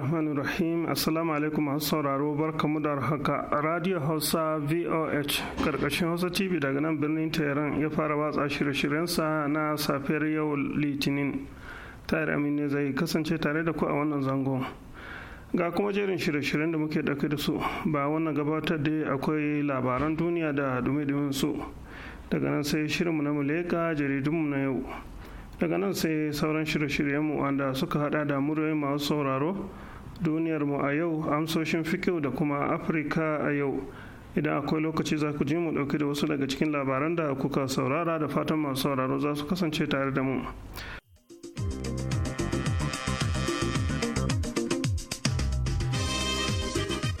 bismillahir rahim assalamu alaikum masu sauraro barkamu da haka radio hausa voh karkashin hausa tv daga nan birnin tehran ya fara watsa shirye-shiryensa na safiyar yau litinin tayar ne zai kasance tare da ku a wannan zangon ga kuma jerin shirye-shiryen da muke ɗauke da su ba wannan gabatar da akwai labaran duniya da dume su daga nan sai shirinmu na muleka jaridunmu na yau daga nan sai sauran shirye-shiryenmu wanda suka hada da muryoyin masu sauraro duniyarmu a yau amsoshin fikiyo da kuma afirka a yau idan akwai lokaci za ku ji mu dauki da wasu daga cikin labaran da kuka saurara da fatan masu sauraro za su kasance tare da mu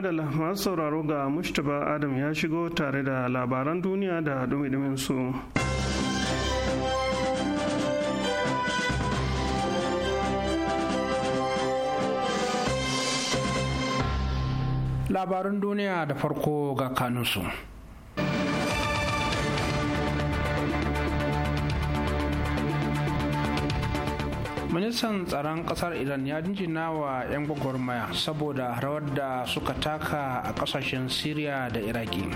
madalla masu sauraro ga mustapha adam ya shigo tare da labaran duniya da dumi su. labaran duniya da farko ga kanunsu ministan tsaron kasar iran ya jinjina wa 'yan gwagwarmaya saboda rawar da suka taka a kasashen syria da iraki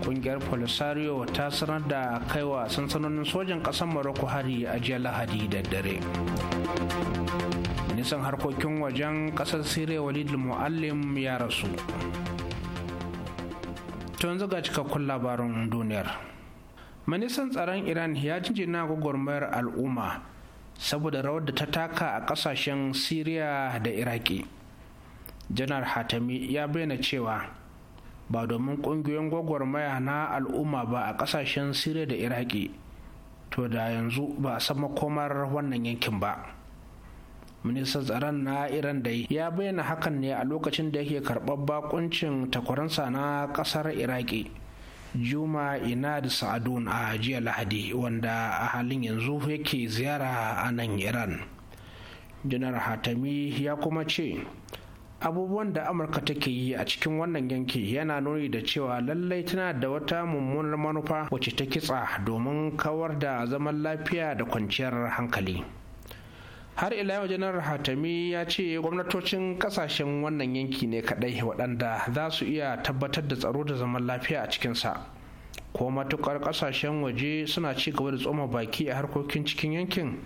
kungiyar polisario ta sanar da kaiwa sansanonin sojan kasar morocco hari a jiya lahadi da dare nisan harkokin wajen kasar syria walid muallim ya rasu to yanzu ga cikakkun labarin duniyar ministan tsaron iran ya jinjina gwagwarmayar al'umma saboda rawar da ta taka a kasashen syria da iraki janar hatami ya bayyana cewa ba domin kungiyoyin gwagwarmaya na al'umma ba a kasashen syria da iraki to da yanzu ba a san makomar wannan yankin ba ministan tsaron na iran da ya bayyana hakan ne a lokacin da yake karɓar bakuncin takwaransa na ƙasar iraki juma da sa'adun a jiya lahadi wanda a halin yanzu yake ziyara a nan iran janar hatami ya kuma ce abubuwan da amurka take yi a cikin wannan yanki yana nuni da cewa lallai tana da wata mummunar manufa wacce ta kitsa domin kawar da zaman lafiya da kwanciyar hankali har ila yau janar hatami ya ce gwamnatocin kasashen wannan yanki ne kadai waɗanda za su iya tabbatar da tsaro da zaman lafiya a cikinsa ko matukar kasashen waje suna ci gaba da tsoma baki a harkokin cikin yankin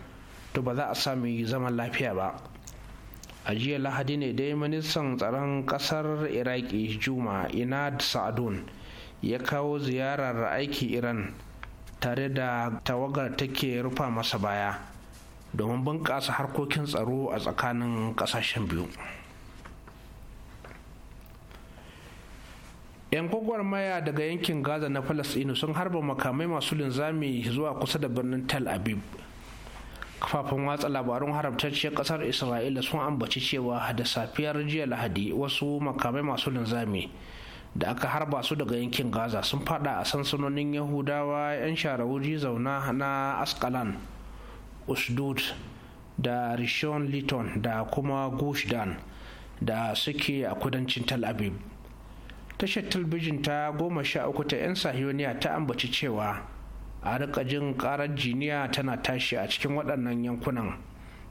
to ba za a sami zaman lafiya ba a jiya lahadi ne dai ministan tsaron kasar iraki juma inad sa'adun ya kawo ziyarar aiki iran tare da tawagar take rufa masa baya domin bunƙasa harkokin tsaro a tsakanin ƙasashen biyu. 'yan maya daga yankin gaza na falasɗinu sun harba makamai masu linzami zuwa kusa da birnin tel aviv kafafen watsa labarun haramtacciyar kasar isra'ila sun ambaci cewa da safiyar jiya lahadi wasu makamai masu linzami da aka harba su daga yankin gaza sun fada a sansanonin yahudawa 'yan sharawuji zauna na askalan usdud da rishon liton da kuma gushdan da suke a kudancin tel aviv tashar talbijin ta goma sha uku ta 'yan sahiyoniya ta ambaci cewa a rika jin karar jiniya tana tashi a cikin waɗannan yankunan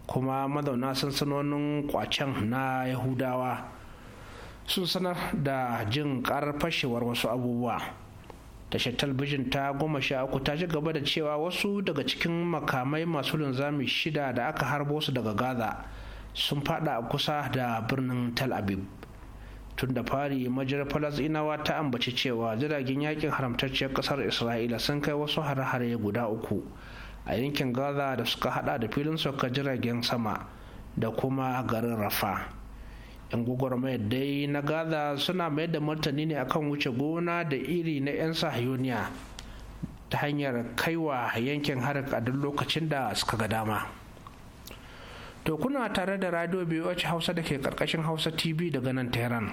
kuma mazauna sansanonin kwacen na yahudawa sun sanar da jin karar fashewar wasu abubuwa tashar talbijin ta goma sha uku ta ci gaba da cewa wasu daga cikin makamai masu linzami shida da aka harbo su daga gaza sun fada a kusa da birnin tel aviv tun da fari majiyar falasinawa ta ambaci cewa jiragen yakin haramtacciyar kasar isra'ila sun kai wasu hare-hare guda uku a yankin gaza da suka hada da filin saukar jiragen sama da kuma garin rafa 'yan gwagwarmayar dai na gaza suna mayar da martani ne akan wuce gona da iri na 'yan sahayoniya ta hanyar kaiwa yankin harin a duk lokacin da suka ga dama to kuna tare da radio boh hausa da ke karkashin hausa tv daga nan tehran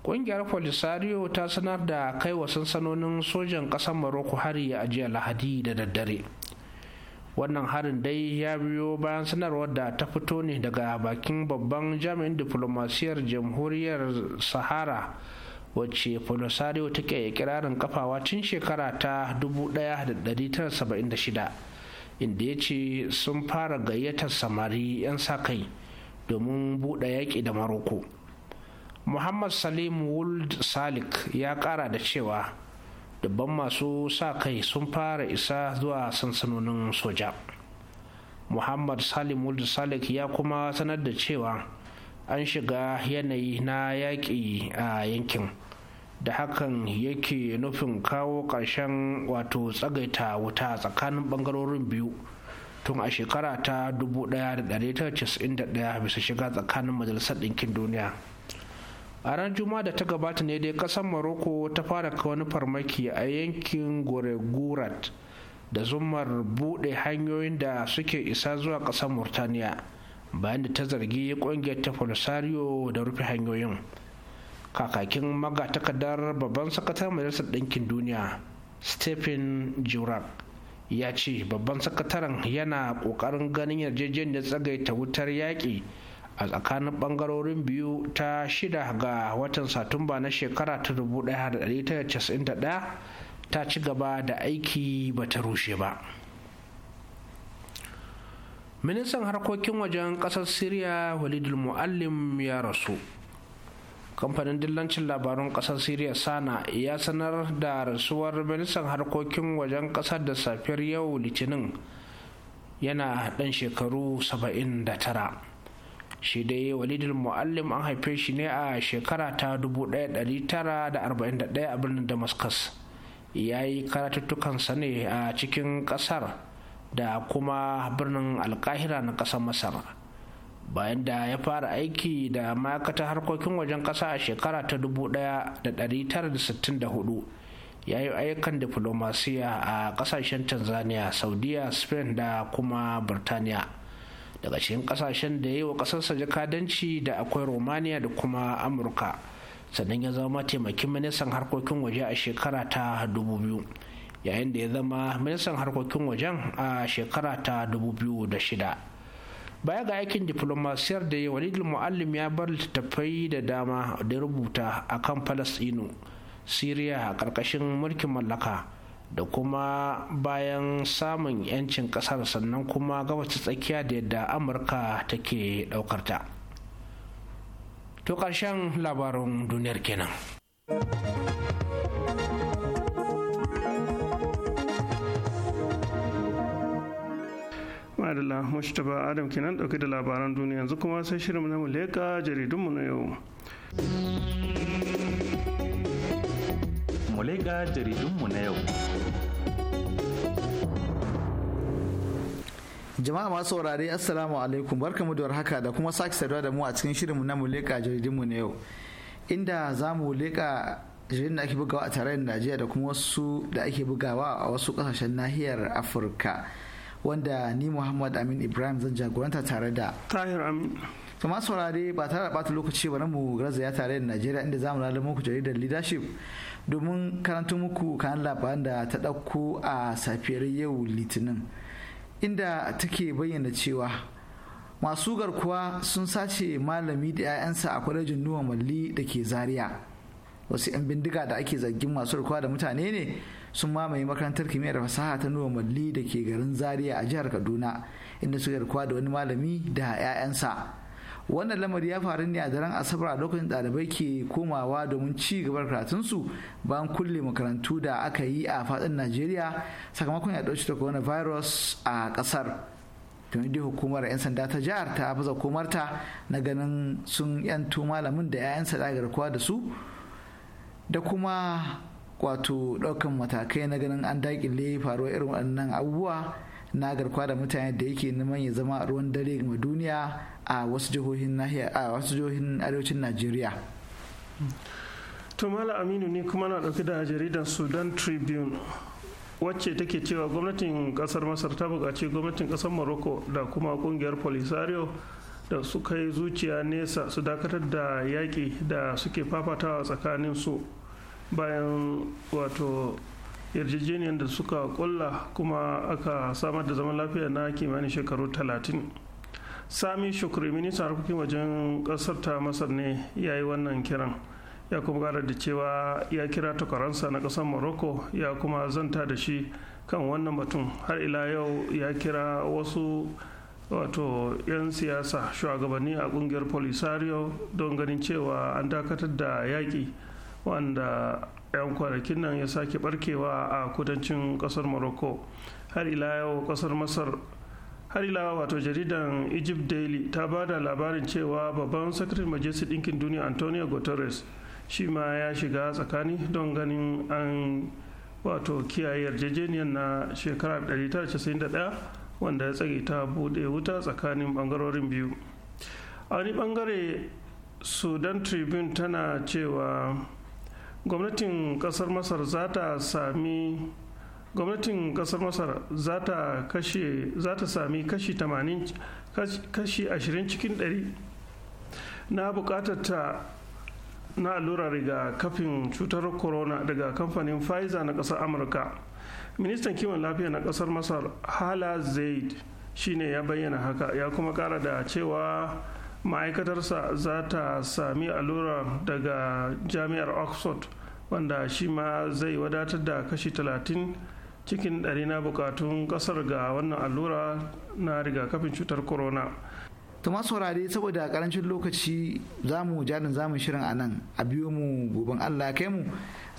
kungiyar polisario ta sanar da kaiwa sansanonin sojan ƙasar maroko hari a jiya lahadi da daddare wannan harin dai ya biyo bayan sanarwar da ta fito ne daga bakin babban jami'in diplomasiyar jamhuriyar sahara wacce polisario ta ke kirarin kafawa tun shekara ta 1976 inda ya ce sun fara gayyatar samari 'yan sa-kai domin buɗe yaƙi da maroko muhammad salim wuld salik ya ƙara da cewa dubban masu sa kai sun fara isa zuwa sansanonin soja muhammad salim wulda salik ya kuma sanar da cewa an shiga yanayi na yaƙi a yankin da hakan yake nufin kawo ƙarshen wato tsagaita wuta tsakanin ɓangarorin biyu tun a shekara ta 1991 bisa shiga tsakanin majalisar ɗinkin duniya a ran juma'a da ta gabata ne dai kasar morocco ta fara wani farmaki a yankin goregurat da zumar bude hanyoyin da suke isa zuwa ƙasar murtaniya bayan da ta zargi ƙungiyar ta polisario da rufe hanyoyin kakakin magatakardar babban sakatar majalisar ɗinkin duniya stephen jurak ya ce babban sakataren yana ƙoƙarin ganin yarjejeniyar tsagaita wutar yaƙi a tsakanin bangarorin biyu ta shida ga watan satumba na shekara ta 1991 ta ci gaba da aiki ba ta rushe ba ministan harkokin wajen kasar syria walidul muallim ya rasu kamfanin dillancin labarun kasar siriya sana ya sanar da rasuwar ministan harkokin wajen kasar da safiyar yau litinin yana dan shekaru 79 shi dai walidul mu'allim an haife shi ne a shekara ta 1941 a birnin damascus ya yi karatuttukansa ne a cikin kasar da kuma birnin alkahira na kasar masar bayan da ya fara aiki da ma'aikatar harkokin wajen kasa a shekara ta 1964 ya yi ayyukan diflomasiya a kasashen tanzania saudiya spain da kuma birtaniya daga cikin kasashen da ya yi wa kasarsa jakadanci da akwai romania da kuma amurka sannan ya zama mataimakin ministan harkokin waje a shekara ta 2000 yayin da ya zama ministan harkokin wajen a shekara ta 2006 baya ga aikin diplomasiyar da ya walid muallim ya bar littattafai da dama da rubuta a kan falasɗinu siriya a ƙarƙashin mulkin mallaka da kuma bayan samun 'yancin kasar sannan kuma gabata tsakiya da yadda amurka take daukarta to karshen labarin duniyar kenan madalla mustapha adam kenan dauke da labaran duniya yanzu kuma sai shirin na Leka jaridunmu na yau mu ga jaridunmu na yau. Jama'a masu saurare Assalamu alaikum barkamu da warhaka da kuma sake saduwa da mu a cikin shirinmu na mu leƙa jaridunmu na yau. Inda za mu leƙa jaridun da ake bugawa a tarayyar Najeriya da kuma wasu da ake bugawa a wasu ƙasashen nahiyar Afirka. Wanda ni Muhammad Amin Ibrahim zan jagoranta tare da. Tahir Amin. to saurare ba tare da bata lokaci ba mu garzaya tare da Najeriya inda za mu lalata muku jaridar leadership domin karanta muku kan labaran da ta ɗauko a safiyar yau litinin inda take bayyana cewa masu garkuwa sun sace malami da 'ya'yansa a kwalejin nuwa malli da ke zaria wasu 'yan bindiga da ake zargin masu garkuwa da mutane ne sun mamaye makarantar kimiyyar fasaha ta nuwa malli da ke garin zaria a jihar kaduna inda suka garkuwa da wani malami da 'ya'yansa wannan lamari ya faru ne a daren asabar a lokacin ɗalibai ke komawa domin ci gabar karatunsu bayan kulle makarantu da aka yi a faɗin najeriya sakamakon ya ɗauki da virus a ƙasar tuni da hukumar 'yan sanda ta jihar ta baza komarta na ganin sun 'yan malamin da 'ya'yansa da garkuwa da su da kuma wato ɗaukan matakai na ganin an daƙile faruwar irin waɗannan abubuwa na garkuwa da mutane da yake neman ya zama ruwan dare ga duniya a wasu jihohin arewacin najeriya tumala aminu ne kuma na dauke da jaridar sudan tribune wacce take cewa gwamnatin kasar masar ta bukaci gwamnatin kasar morocco da kuma kungiyar polisario da su kai zuciya nesa su dakatar da yaƙi da suke fafatawa tsakanin su bayan wato yarjejeniyar da suka kulla kuma aka samar da zaman lafiya na kimanin shekaru talatin sami shukuri ministan harkokin wajen kasar ta masar ne ya yi wannan kiran ya kuma gara da cewa ya kira takwaransa na kasar morocco ya kuma zanta da shi kan wannan batun har ila yau ya kira wasu wato 'yan siyasa shugabanni a kungiyar polisario don ganin cewa an dakatar da yaƙi wanda 'yan kwanakin nan ya sake barkewa a kudancin kasar morocco har ila yau kasar masar har ila wato jaridan egypt daily ta ba da labarin cewa babban sakirin majalisar ɗinkin duniya antonio guterres shi ma ya shiga tsakani don ganin an wato kiyaye yarjejeniyar na shekara 1991 wanda ya tsage ta bude wuta tsakanin bangarorin biyu a wani bangare sudan tribune tana cewa gwamnatin kasar masar za ta sami gwamnatin kasar masar za ta sami kashi 80 kashi 20 cikin 100 na bukatar ta na riga kafin cutar corona daga kamfanin pfizer na kasar amurka ministan kiwon lafiya na kasar masar hala zaid shine ya bayyana haka ya kuma kara da cewa ma'aikatarsa za ta sami allura daga jami'ar oxford wanda shi ma zai wadatar da kashi 30 cikin ɗari na bukatun kasar ga wannan allura na rigakafin cutar corona ta masu saurare saboda karancin lokaci za mu jarin zamun shirin a nan a biyo mu goben allah kai mu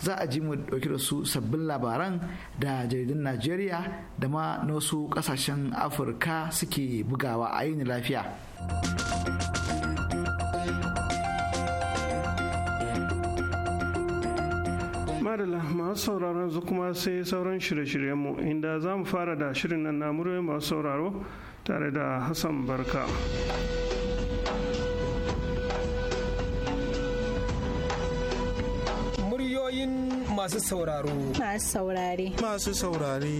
za a ji mu dauki da su sabbin labaran da jaridun najeriya da ma na wasu kasashen afirka suke bugawa a yin lafiya. madalla masu sauraron yanzu kuma sai sauran shirye-shiryenmu inda za mu fara da shirin nan na muryoyin masu sauraro tare da hassan barka muryoyin masu sauraro masu saurare masu saurare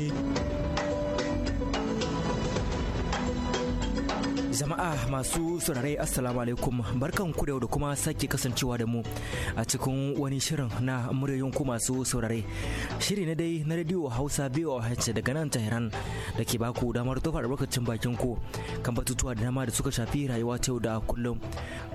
Jama'a masu saurare Assalamu alaikum barkan ku da kuma sake kasancewa da mu a cikin wani shirin na muryoyin ku masu saurare. Shiri na dai na Radio Hausa BOH daga nan Tehran da ke baku damar tofa albarkacin bakin ku kan batutuwa da dama da suka shafi rayuwa ta yau da kullum.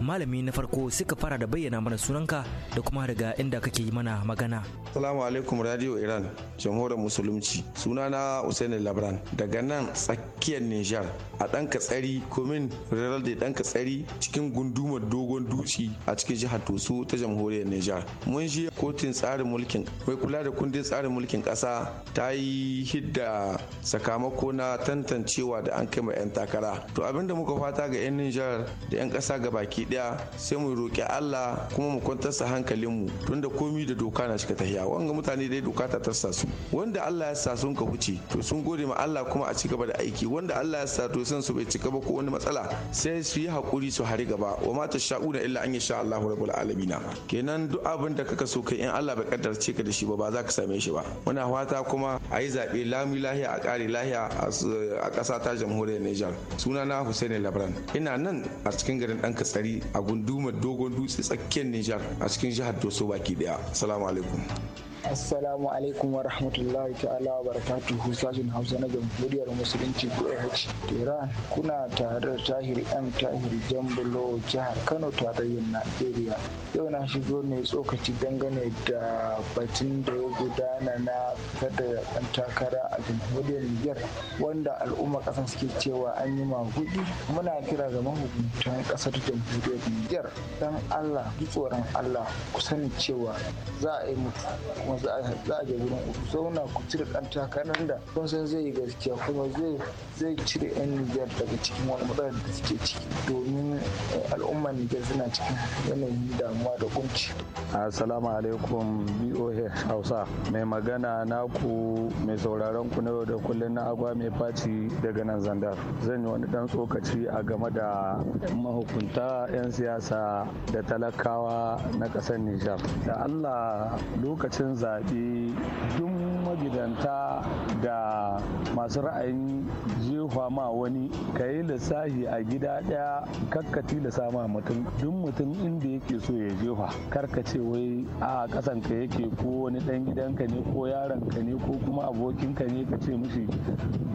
Malami na farko suka fara da bayyana mana sunanka da kuma daga inda kake yi mana magana. Assalamu alaikum Radio Iran Jamhuriyar Musulunci sunana Usaini Labran daga nan tsakiyar Nijar a ɗan katsari ko domin da dan katsari cikin gundumar dogon duci a cikin jihar Toso ta jamhuriyar Nijar. Mun je kotun tsarin mulkin mai kula da kundin tsarin mulkin ƙasa ta yi hidda sakamako na tantancewa da an kai ma 'yan takara. To abinda muka fata ga 'yan Nijar da 'yan kasa baki ɗaya sai mu roƙi Allah kuma mu kwantarsa hankalinmu tunda komi da doka na shiga tahiya wanga mutane dai doka ta tassa su wanda Allah ya sa sun ka wuce to sun gode ma Allah kuma a ci da aiki wanda Allah ya sa to san su bai cigaba ko wani matsala sai su yi hakuri su hari gaba wa ma tasha'una illa an sha Allahu rabbul alamin kenan duk abin da kaka so kai in Allah bai kaddarce ka da shi ba ba za ka same shi ba muna fata kuma a yi zaɓe lami lahiya a ƙari lahiya a ƙasa ta jamhuriyar Nijar suna na Hussein Labran ina nan a cikin garin ɗan katsari a gundumar dogon dutse tsakiyar Nijar a cikin jihar Doso baki daya assalamu alaikum Assalamu alaikum wa rahmatullahi ta'ala wa barakatuhu sashen Hausa na Jamhuriyar Musulunci BH Tehran kuna tare da Tahir M Tahir Jambulo jihar Kano tarayyar Najeriya. Yau na shigo ne tsokaci dangane da batun da ya gudana na fada ɗan takara a Jamhuriyar Niger wanda al'umma ƙasar suke cewa an yi magudi muna kira ga mahukuntan ƙasar Jamhuriyar Niger dan Allah ji tsoron Allah ku sani cewa za a yi mutu samu za a je wurin uku zauna ku cire ɗan takarar da kun san zai yi gaskiya kuma zai zai cire 'yan Nijar daga cikin wani matsala da suke ciki domin eh, al'ummar Nijar suna cikin yanayin damuwa da kunci. Assalamu alaikum BOA Hausa mai magana naku mai sauraron ku na yau da kullum na agwa mai faci daga nan zandar zan yi wani dan tsokaci a game da mahukunta 'yan siyasa da talakawa na ƙasar Nijar da Allah lokacin sociedade de um magidanta da masu ra'ayin jefa ma wani ka yi lissafi a gida ɗaya karkaci da sama mutum duk mutum inda yake so ya jefa karkace wai a kasan ka yake ko wani ɗan gidanka ne ko yaron ka ne ko kuma abokinka ne ka ce mishi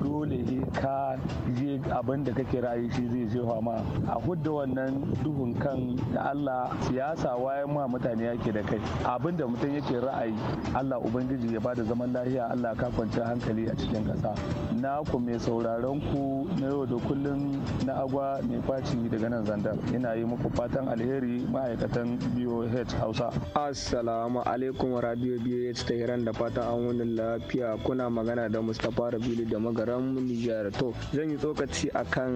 dole ka je abin da kake ra'ayi shi zai jefa ma a hudda wannan duhun kan da Allah siyasa wayan ma mutane yake da kai abin da mutum yake ra'ayi Allah ubangiji ya bada zaman lafiya ya Allah ka kwanci hankali a cikin kasa na ku mai sauraron ku na yau da kullum na agwa mai faci daga nan zandar ina yi muku fatan alheri ma'aikatan boh hausa assalamu alaikum radio boh ta hiran da fatan an wani lafiya kuna magana da mustapha rabili da magaran nijar to zan yi tsokaci a kan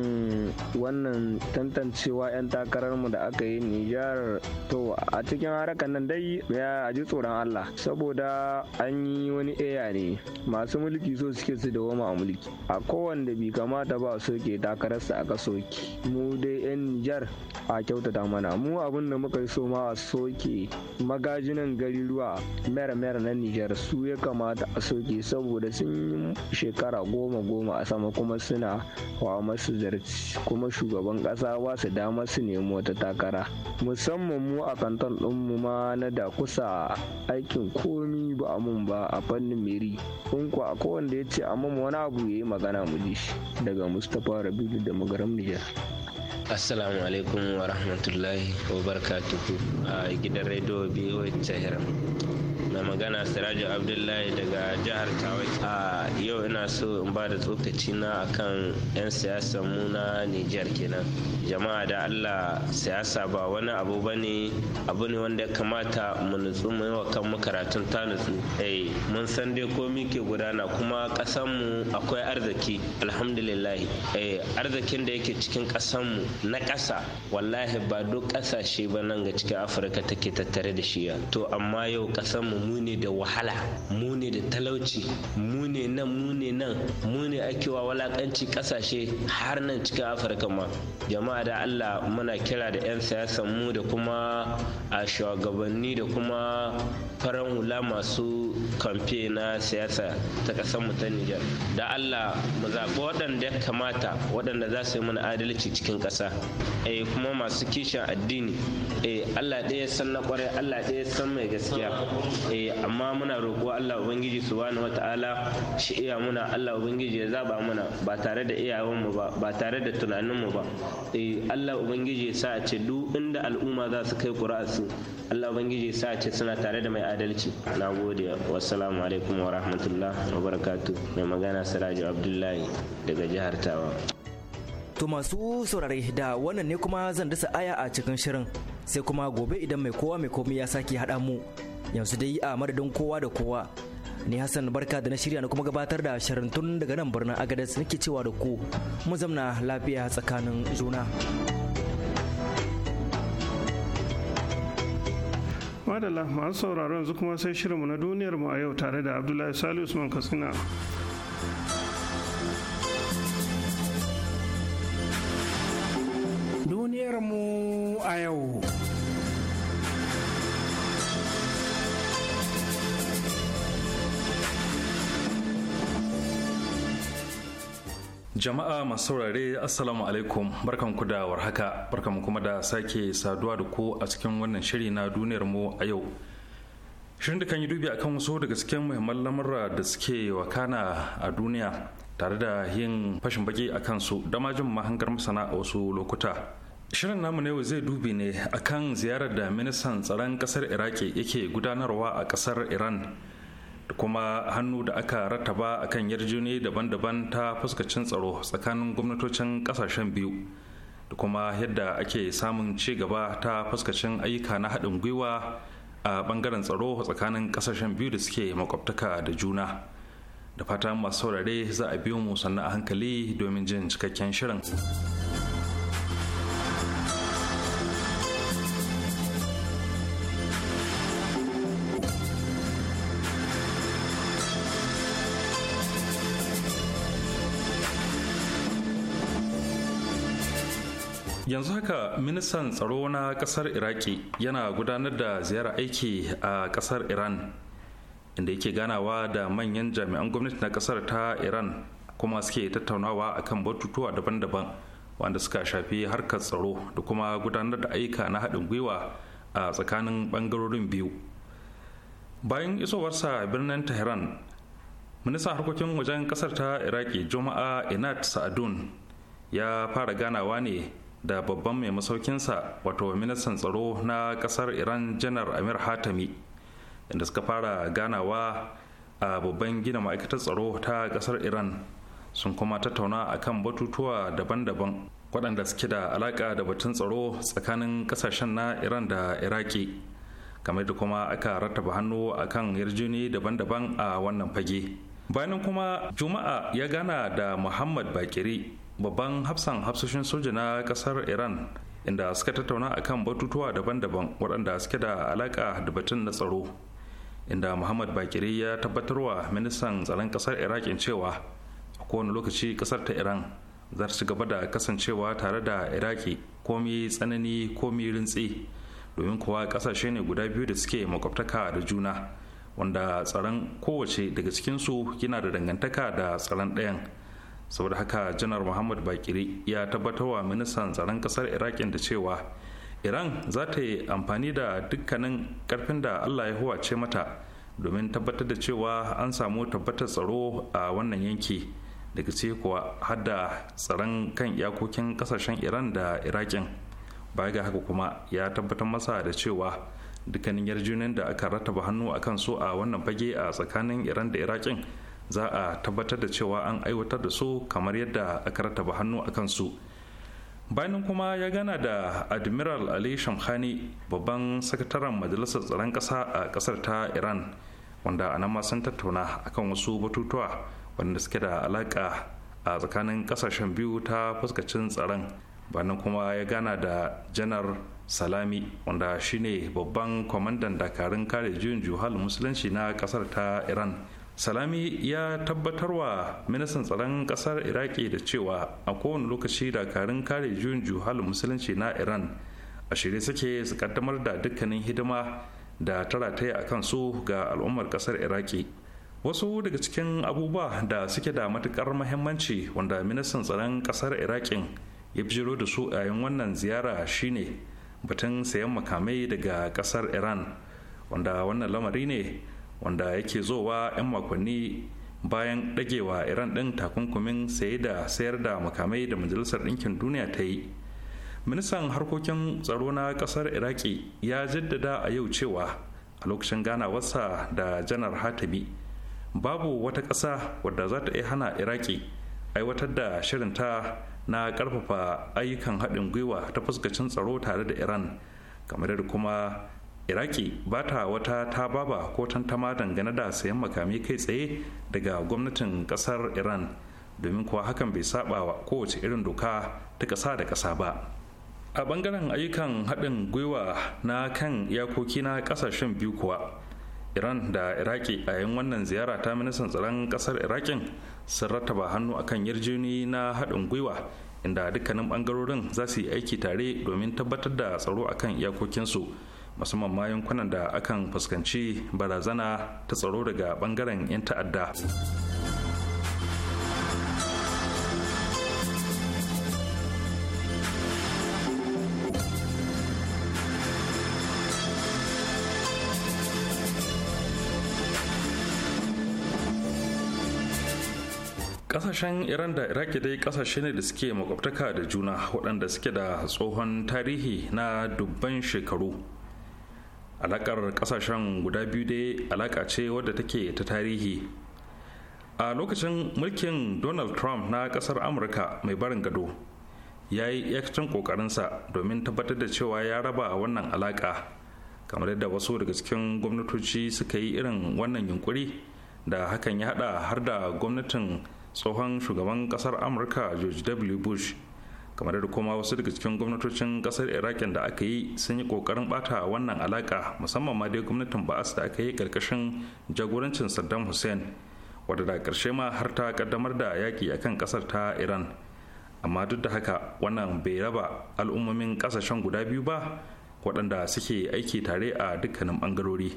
wannan tantancewa 'yan takararmu da aka yi nijar to a cikin harakan nan dai ya ji tsoron allah saboda an yi wani ai ne masu mulki so suke su dawoma a mulki a kowanne bi kamata ba soke takararsa aka soke mu dai yan nijar a kyautata mana mu abin da muka yi so ma a soke magajinan garuruwa mera-mera na nijar su ya kamata a soke saboda sun yi shekara goma goma a sama kuma suna wa masu zarci kuma shugaban kasa ba su dama su nemo wata takara musamman mu a kantar ɗinmu ma na da kusa aikin komi ba a mun ba a fannin mai alheri kun kuwa a kowanne ya ce amma wani abu ya yi magana mu ji shi daga mustapha rabilu da magaram niger assalamu alaikum wa rahmatullahi wa barakatuhu a gidan rediyo biyu tehran na magana siraju abdullahi daga jihar tawai a yau ina so in ba da tsokaci na akan 'yan siyasar mu na nijar kenan jama'a da allah siyasa ba wani abu ba ne abu ne wanda ya kamata mu nutsu mu yi wa kan makaratun ta nutsu eh mun san dai komi ke gudana kuma ƙasan mu akwai arziki alhamdulillah eh arzikin da yake cikin ƙasan mu na ƙasa wallahi ba duk ƙasashe ba nan ga cikin afirka take tattare da shi to amma yau ƙasan mu mu ne da wahala mu ne da talauci mu ne nan mu ne nan mu ne ake wa walakanci kasashe har nan cikin afirka ma jama'a da allah muna kira da 'yan siyasan mu da kuma a shugabanni da kuma faran hula masu kamfe na siyasa ta ƙasar mu ta nijar da allah mu zaɓi waɗanda ya kamata waɗanda za su yi mana adalci cikin ƙasa eh, kuma masu kishin addini eh, allah ɗaya san na ƙwarai allah ɗaya san mai gaskiya Eh, amma muna roƙo Allah ubangiji subhanahu wataala shi iya muna Allah ubangiji ya zaba muna ba tare da iyawan ba ba tare da tunanin mu ba eh, Allah ubangiji ya sa a ce duk inda al'umma za su kai ƙuri'ar su Allah ubangiji ya sa a ce suna tare da mai adalci na gode wassalamu alaikum wa rahmatullah wa barakatuh mai magana Siraju Abdullahi daga jihar Tawa To masu saurare da wannan ne kuma zan dasa aya a cikin shirin sai kuma gobe idan mai kowa mai komai ya sake haɗa mu yanzu dai a madadin kowa da kowa ni hassan barka da na shirya na kuma gabatar da shirin tun daga nan birnin agadez nake cewa da ku mu zamna lafiya tsakanin juna madalla masu sauraro yanzu kuma sai shirinmu na duniyar mu a yau tare da abdullahi salu usman katsina duniyar mu a yau Jama'a masu saurare Assalamu alaikum barkan ku da warhaka barkan kuma da sake saduwa da ku a cikin wannan shiri na duniyar mu a yau. Shirin da kan yi dubi akan wasu daga cikin muhimman lamurra da suke wakana a duniya tare da yin fashin baki a kansu da ma jin mahangar masana a wasu lokuta. Shirin namu na zai dubi ne akan ziyarar da ministan tsaron kasar Iraki yake gudanarwa a kasar Iran. da kuma hannu da aka rattaba a kan yarjini daban-daban ta fuskacin tsaro tsakanin gwamnatocin kasashen biyu da kuma yadda ake samun ci gaba ta fuskacin ayyuka na haɗin gwiwa a ɓangaren tsaro tsakanin kasashen biyu da suke makwabtaka da juna da fatan masu saurare za a biyo mu sannan a hankali domin jin cikakken shirin. yanzu haka ministan tsaro na kasar iraki yana gudanar da ziyarar aiki a kasar iran inda yake ganawa da manyan jami'an gwamnati na kasar ta iran kuma suke tattaunawa akan batutuwa daban-daban wanda suka shafi harkar tsaro da kuma gudanar da aika na haɗin gwiwa a tsakanin ɓangarorin biyu bayan isowarsa birnin tehran ministan harkokin wajen kasar ta iraki juma'a inat sa'adun ya fara ganawa ne da babban mai masaukinsa wato ministan tsaro na kasar iran janar amir hatami inda suka fara ganawa a babban gina ma'aikatar tsaro ta kasar iran sun kuma tattauna akan batutuwa daban-daban waɗanda suke da alaƙa da batun tsaro tsakanin ƙasashen na iran da iraki kamar da kuma aka rattaba hannu akan yarjini daban-daban a wannan fage bayanin kuma juma'a ya gana da muhammad bakiri babban hafsan hafsoshin soja na kasar iran inda suka tattauna a kan batutuwa daban-daban waɗanda suke da alaƙa da batun na tsaro inda muhammad bakiri ya tabbatarwa ministan tsaron kasar iraqin cewa a kowane lokaci kasar ta iran za ta gaba da kasancewa tare da iraki komi tsanani komi rintsi domin kuwa kasashe ne guda biyu da suke makwabtaka da juna wanda tsaron kowace daga cikinsu yana da dangantaka da tsaron ɗayan saboda haka janar muhammad bakiri ya tabbatar wa ministan tsaron kasar irakin da cewa iran za ta yi amfani da dukkanin karfin da allah ya huwace mata domin tabbatar da cewa an samu tabbatar tsaro a wannan yanki daga ce kuwa har tsaron kan iyakokin kasashen iran da irakin baya ga haka kuma ya tabbatar masa da cewa dukkanin yarjunin da aka rattaba hannu a kan su a wannan fage a tsakanin iran da irakin za a tabbatar da cewa an aiwatar da su kamar yadda aka rataba hannu a kansu bayanin kuma ya gana da admiral ali shamkhani babban sakataren majalisar tsaron ƙasa a ƙasar ta iran wanda a nan ma sun tattauna akan wasu batutuwa wanda suke da alaƙa a tsakanin ƙasashen biyu ta fuskacin tsaron bayanin kuma ya gana da janar salami wanda shine babban kwamandan dakarun kare juyin juhal musulunci na ƙasar ta iran salami ya tabbatarwa ministan tsaron kasar iraki da cewa a kowane lokaci dakarun kare juyin juhal musulunci na iran a shirye suke su kaddamar da dukkanin hidima da ta rataye a kansu ga al'ummar kasar iraki wasu daga cikin abubuwa da suke da matukar mahimmanci wanda ministan tsaron kasar irakin ya bijiro da su a yayin wannan ziyara shine batun sayan makamai daga kasar iran wanda wannan lamari ne wanda yake zowa 'yan makonni bayan dagewa iran ɗin takunkumin saye da sayar da makamai da majalisar ɗinkin duniya ta yi ministan harkokin tsaro na ƙasar iraki ya jaddada a yau cewa a lokacin ganawarsa da janar hatabi babu wata ƙasa wadda za ta iya hana iraki aiwatar da shirinta na ƙarfafa ayyukan haɗin gwiwa ta fuskacin tsaro tare da iran kamar da kuma iraki ba ta wata ta baba ko tantama dangane da sayan makami kai tsaye daga gwamnatin kasar iran domin kuwa hakan bai saba wa kowace irin doka ta ƙasa da ƙasa ba a bangaren ayyukan haɗin gwiwa na kan iyakoki na ƙasashen biyu kuwa iran da iraki a yin wannan ziyara ta ministan tsaron ƙasar irakin sun rattaba hannu akan yarjini na haɗin gwiwa inda dukkanin ɓangarorin za su yi aiki tare domin tabbatar da tsaro akan iyakokinsu musamman ma yankunan da akan fuskanci barazana ta tsaro daga bangaren 'yan ta'adda kasashen iran da iraki dai kasashe ne da suke makwabtaka da juna waɗanda suke da tsohon tarihi na dubban shekaru alakar kasashen guda biyu dai alaka ce wadda take ta tarihi a lokacin mulkin donald trump na kasar amurka mai barin gado ya yi yakacin kokarinsa domin tabbatar da cewa ya raba wannan alaka kamar yadda wasu daga cikin gwamnatoci suka yi irin wannan yunkuri da hakan ya hada har da gwamnatin tsohon shugaban kasar amurka george w bush kamar da kuma wasu daga cikin gwamnatocin kasar iraqin da aka yi sun yi kokarin bata wannan alaka musamman ma dai gwamnatin ba'as da aka yi karkashin jagorancin saddam hussein wadda da karshe ma har ta kaddamar da yaki akan kasar ta iran amma duk da haka wannan bai raba al'ummomin kasashen guda biyu ba waɗanda suke aiki tare a dukkanin bangarori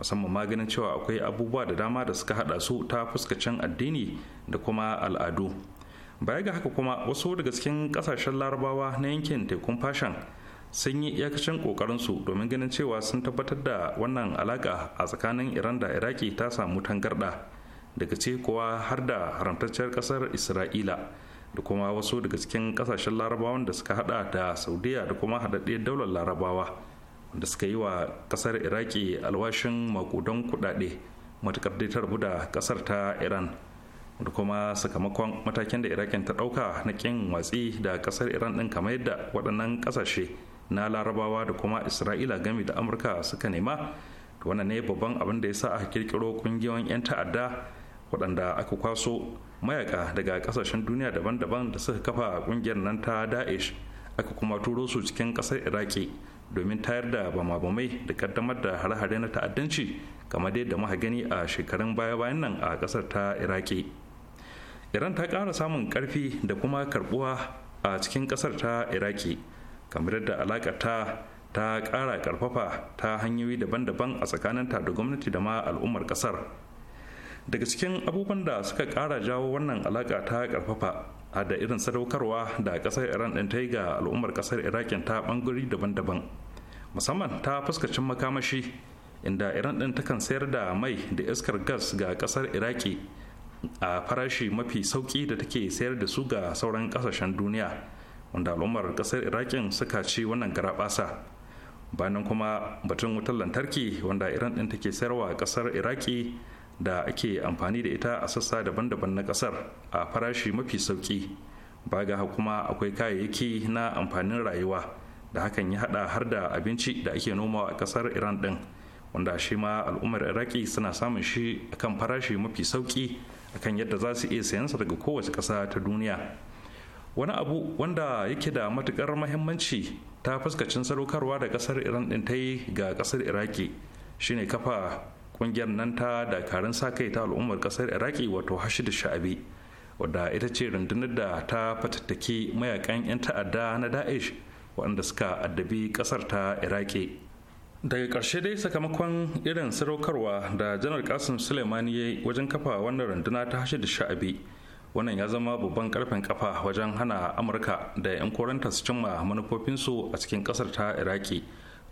musamman ma ganin cewa akwai abubuwa da dama da suka haɗa su ta fuskacin addini da kuma al'adu baya ga haka kuma wasu daga cikin kasashen larabawa na yankin tekun fashan sun yi iyakacin kokarinsu domin ganin cewa sun tabbatar da wannan alaka a tsakanin iran da iraki ta samu tangarda daga ce kuwa har da haramtacciyar kasar isra'ila da kuma wasu daga cikin kasashen larabawan da suka hada da saudiya da kuma haɗaɗɗiyar daular larabawa da suka yi wa kasar iraki alwashin makudan kuɗaɗe matuƙar da kasar ta iran da kuma sakamakon matakin da irakin ta ɗauka na ƙin watsi da ƙasar iran din kamar yadda waɗannan ƙasashe na larabawa da kuma isra'ila gami da amurka suka nema wannan ne babban abin da ya sa a kirkiro kungiyoyin 'yan ta'adda waɗanda aka kwaso mayaka daga ƙasashen duniya daban-daban da suka kafa ƙungiyar nan ta da'ish aka kuma turo su cikin ƙasar iraki domin tayar da bama-bamai da kaddamar da hare-hare na ta'addanci kamar dai da muka gani a shekarun baya-bayan nan a ƙasar ta iraki iran ta kara samun karfi da kuma karbuwa a cikin kasar ta iraki kamar yadda alaƙa ta ta ƙara karfafa ta hanyoyi daban-daban a tsakanin ta da gwamnati da ma al'ummar kasar daga cikin abubuwan da suka kara jawo wannan alaka ta karfafa a da irin sadaukarwa da kasar iran din ta yi ga al'ummar kasar irakin ta bangare daban-daban musamman ta fuskacin makamashi inda iran ɗin takan sayar da mai da iskar gas ga kasar iraki a farashi mafi sauki da take sayar da su ga sauran kasashen duniya wanda al'ummar kasar irakin suka ci wannan garabasa bayan kuma batun wutar lantarki wanda iran din take sayarwa kasar iraki da ake amfani da ita a sassa daban-daban na kasar a farashi mafi sauki ga kuma akwai kayayyaki na amfanin rayuwa da hakan ya hada har da abinci da ake noma a kasar iran din wanda shi ma al'ummar iraki suna samun shi akan farashi mafi sauki akan yadda za su iya sayansa daga kowace ƙasa ta duniya wani abu wanda yake da matukar mahimmanci ta fuskacin sadaukarwa da ƙasar iran din ta yi ga ƙasar iraki shine kafa ƙungiyar nan ta dakarun sa kai ta al'ummar ƙasar iraki wato hashidu sha'abi wadda ita ce rundunar da ta fatattaki mayakan 'yan ta'adda na da'ish waɗanda suka addabi ƙasar ta iraki daga ƙarshe dai sakamakon irin sadaukarwa da janar kasim suleimani ya yi wajen kafa wannan runduna ta hashe da sha'abi wannan ya zama babban karfin kafa wajen hana amurka da 'yan koranta su cimma manufofinsu a cikin kasar ta iraki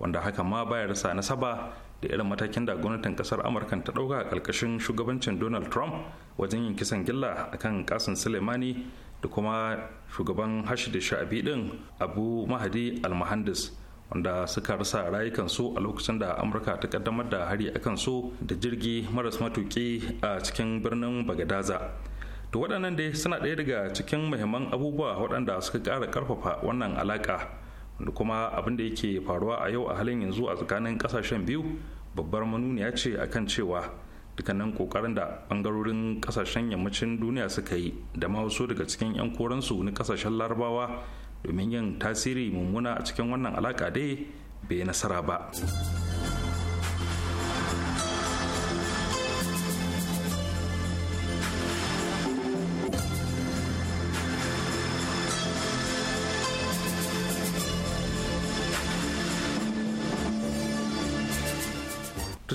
wanda haka ma baya rasa nasaba da irin matakin da gwamnatin kasar amurka ta dauka a karkashin shugabancin donald trump wajen yin kisan gilla akan kasin suleimani da kuma shugaban da sha'abi din abu mahadi muhandis. wanda suka rasa rayukansu a lokacin da amurka ta kaddamar da hari a kansu da jirgi maras matuki a cikin birnin bagadaza to waɗannan dai suna ɗaya daga cikin muhimman abubuwa waɗanda suka ƙara ƙarfafa wannan alaƙa wanda kuma abin da yake faruwa a yau a halin yanzu a tsakanin ƙasashen biyu babbar manuniya ce akan cewa dukkanin ƙoƙarin da ɓangarorin ƙasashen yammacin duniya suka yi da ma wasu daga cikin 'yan koransu na ƙasashen larabawa domin yin tasiri mummuna a cikin wannan alaka dai bai yi nasara ba ta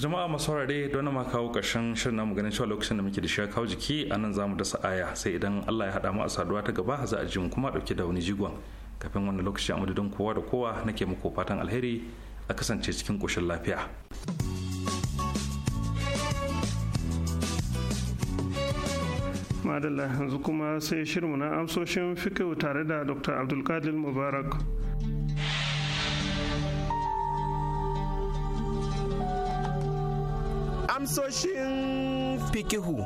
jama'a masu saurare don ma kawo ƙarshen shirin namu ganin cewa lokacin da muke da shi kawo jiki a nan za mu dasa aya sai idan allah ya haɗa mu a saduwa ta gaba za a ji mu kuma ɗauke da wani jigon kafin wannan lokaci a madadin kowa da kowa nake muku fatan alheri a kasance cikin ƙoshin lafiya. madalla yanzu kuma sai shirmu na amsoshin fikihu tare da dr abdulkadir mubarak amsoshin fikihu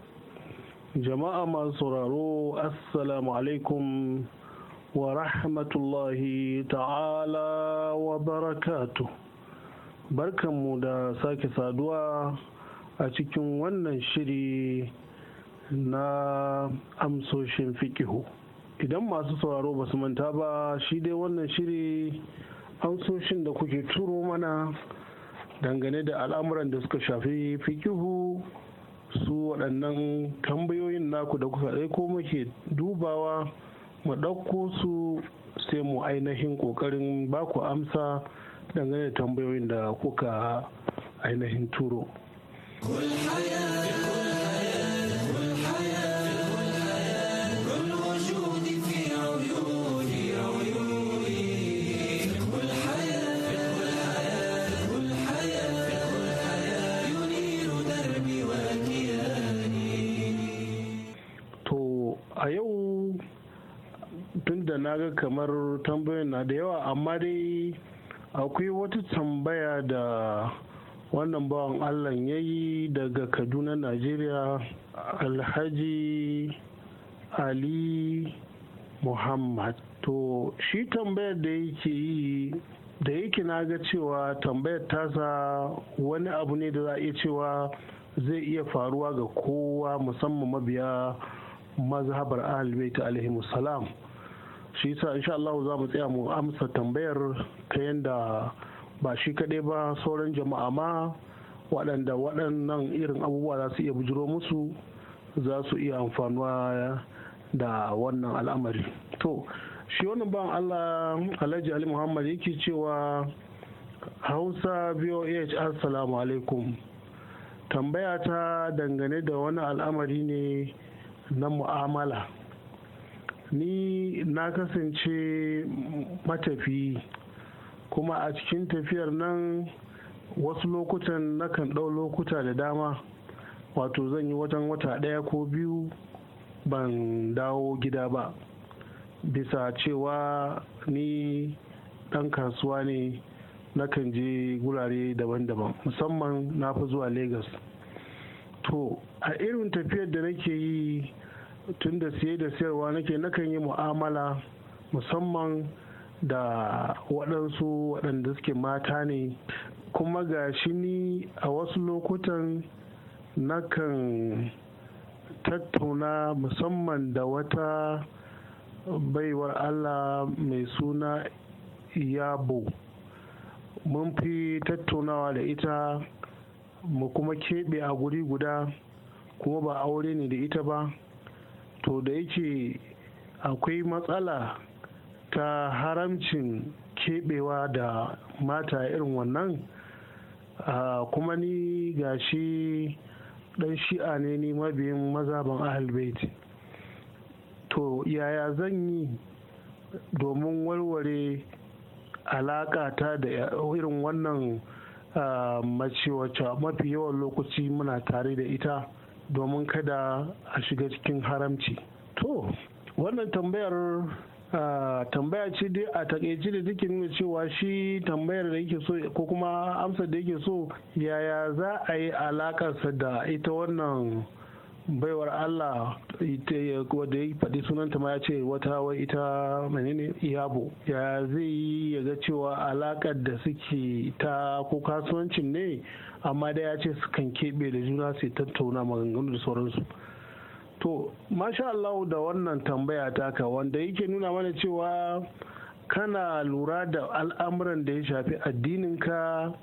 jama'a masu sauraro assalamu alaikum wa rahmatullahi ta'ala wa barakatu barkanmu da sake saduwa a cikin wannan shiri na amsoshin fikihu idan masu sauraro ba su manta ba shi dai wannan shiri amsoshin da kuke turo mana dangane da al'amuran da suka shafi fikihu su waɗannan tambayoyin naku da kusa kuka ko muke dubawa mu ɗauko su sai mu ainihin ƙoƙarin ba ku amsa dangane da tambayoyin da kuka ainihin turo. da na ga kamar tambayoyin na da yawa amma dai akwai wata tambaya da wannan bawan allah ya yi daga kaduna najeriya alhaji ali muhammad to shi tambayar da yake yi da yake na ga cewa tambayar tasa wani abu ne da za a iya cewa zai iya faruwa ga kowa musamman mabiya mazhabar alibaita alaihi salam shi yasa insha Allah za mu tsaya mu amsa tambayar ta yadda ba shi kaɗai ba sauran jama'a ma waɗanda waɗannan irin abubuwa za su iya bujiro musu za su iya amfanuwa da wannan al'amari to shi wannan ban Allah Alhaji Ali Muhammad yake cewa Hausa BOH Assalamu alaikum tambaya ta dangane da wani al'amari ne na mu'amala ni na kasance matafi kuma a cikin tafiyar nan wasu lokutan na kan ɗau lokuta da dama wato zan yi wajen wata ɗaya ko biyu ban dawo gida ba bisa cewa ni ɗan kasuwa ne na kan je gurare daban-daban musamman na fi zuwa lagos to a irin tafiyar da nake yi tun da siye da siyarwa nake nakan yi mu'amala musamman da waɗansu waɗanda suke mata ne kuma ga shi ni a wasu lokutan nakan tattauna musamman da wata baiwar allah mai suna yabo mun fi tattaunawa da ita mu kuma keɓe a guri guda kuma ba aure ne da ita ba to da yake akwai matsala ta haramcin keɓewa da mata irin wannan kuma ni gashi ɗan shi'a ne ni mabiyin mazaban ahalbait to yaya zan yi domin warware alaƙa ta da irin wannan mace wacce mafi yawan lokaci muna tare da ita domin kada a shiga cikin haramci to wannan tambayar ah, tambaya ce dai a takaice da take nuna cewa shi tambayar da yake so ko kuma amsar da yake so yaya za a yi alakarsa da ita wannan baiwar Allah ita wadda ya faɗi sunanta ma ya ce wata wai ita menene iyabo ya zai yi ya ga cewa alakar da suke ta ko kasuwancin ne amma da ya ce sukan keɓe da juna su tattauna maganganu da sauransu to masha Allah da wannan tambaya taka wanda yake nuna mana cewa kana lura da al'amuran da ya shafi addininka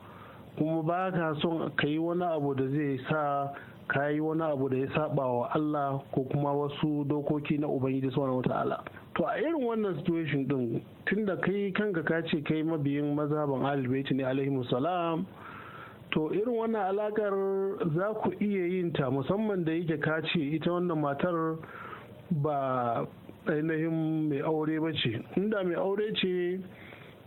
kuma ba ka son ka yi wani abu da zai sa ka yi wani abu da ya saba wa Allah ko kuma wasu dokoki na Ubangiji subhanahu wata'ala to a irin wannan situation din tunda kai kanka ka ce kai mabiyin mazhaban Ahlul ne alaihi salam to irin wannan alakar za ku iya yin ta musamman da yake ka ce ita wannan matar ba ainihin mai aure ba ce inda mai aure ce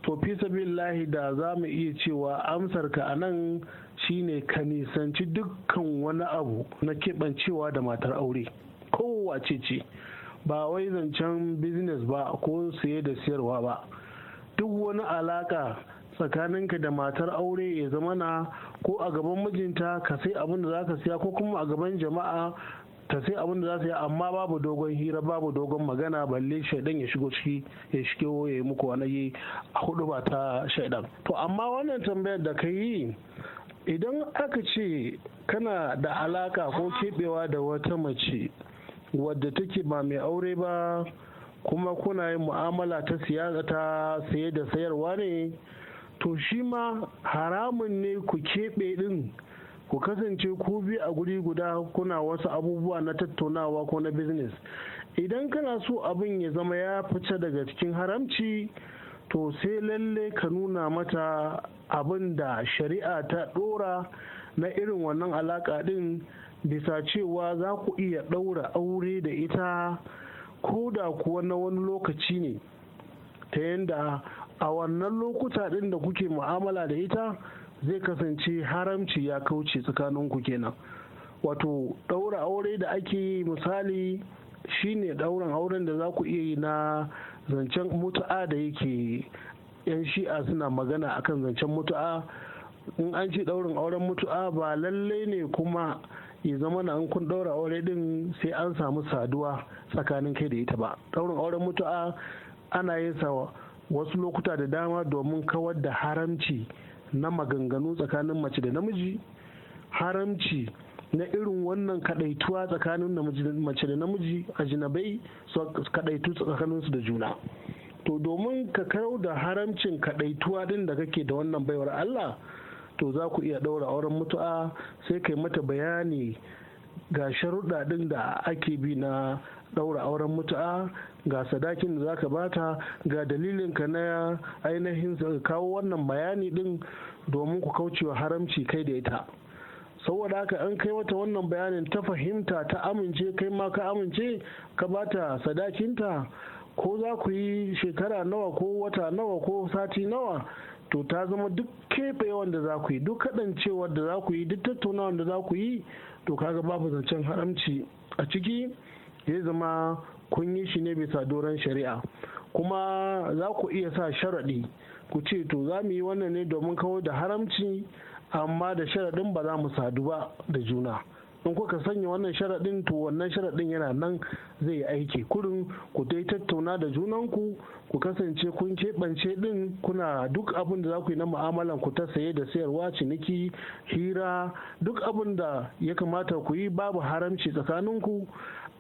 to fi sabi da za mu iya cewa amsarka a nan shine ka nisanci dukkan wani abu na keɓancewa da matar aure kowace ce ba wai zancen business ba ko saye da siyarwa ba duk wani alaka tsakaninka da matar aure ya zama na ko a gaban mijinta ka sai abin da za ka siya ko kuma a gaban jama'a ta sai abin da za su yi amma babu dogon hira babu dogon magana balle shaidan ya shigo ciki ya shigo ya yi muku wani yi a hudu ba ta shaidan to amma wannan tambayar da ka yi idan aka ce kana da alaka ko keɓewa da wata mace wadda take ba mai aure ba kuma kuna yin mu'amala ta siyasa ta saye da sayarwa ne to shi ma haramun ne ku keɓe ɗin ku kasance ku bi a guri guda kuna wasu abubuwa na tattaunawa ko na business idan kana so abin ya zama ya fice daga cikin haramci to sai lalle ka nuna mata abin da shari'a ta ɗora na irin wannan alaƙa ɗin bisa cewa za ku iya ɗaura aure da ita ko da kuwa na wani lokaci ne ta yadda a wannan lokuta ɗin da kuke mu'amala da ita zai kasance haramci ya kauce tsakanin ku kenan wato ɗaura aure da ake yi misali shine ɗaurin auren da za ku iya yi na zancen mutu'a da yake 'yan shi'a suna magana akan zancen mutu'a in an ce ɗaurin auren mutu'a ba lallai ne kuma ya zama na an kun ɗaura aure din sai an samu saduwa tsakanin kai da ita ba ɗaurin auren mutu'a ana yin sa wasu lokuta da dama domin kawar da haramci na maganganu tsakanin mace da namiji haramci na irin wannan kadaituwa tsakanin mace da namiji a jinabai su kadaitu tsakaninsu da juna to domin ka karau da haramcin kaɗaituwa din da kake da wannan baiwar Allah to za ku iya ɗaura auren mutu'a sai kai mata bayani ga sharuɗa ɗin da ake bi na ɗaura auren mutu'a ga sadakin da za zaka bata ga dalilin ka na ainihin kawo wannan bayani din domin ku kaucewa haramci kai da ita saboda haka an kai mata wannan bayanin ta fahimta ta amince kai ma ka amince ka bata sadakinta ko za ku yi shekara nawa ko wata nawa ko sati nawa to ta zama duk keɓe wanda za ku yi duk kaɗancewar da za ku yi duk tattaunawar da za ku yi to kaga babu zancen haramci a ciki Ya zama kun yi shi ne bisa doron shari'a kuma za ku iya sa sharaɗi ku ce to za mu yi wannan ne domin kawo da haramci amma da sharaɗin ba za mu sadu ba da juna in kuka sanya wannan sharaɗin to wannan sharaɗin yana nan zai yi aiki kurin ku dai tattauna da junanku ku kasance kun keɓance ɗin kuna duk abin da za ku yi na mu'amalan ku ta saye da sayarwa ciniki hira duk abin da ya kamata ku yi babu haramci tsakaninku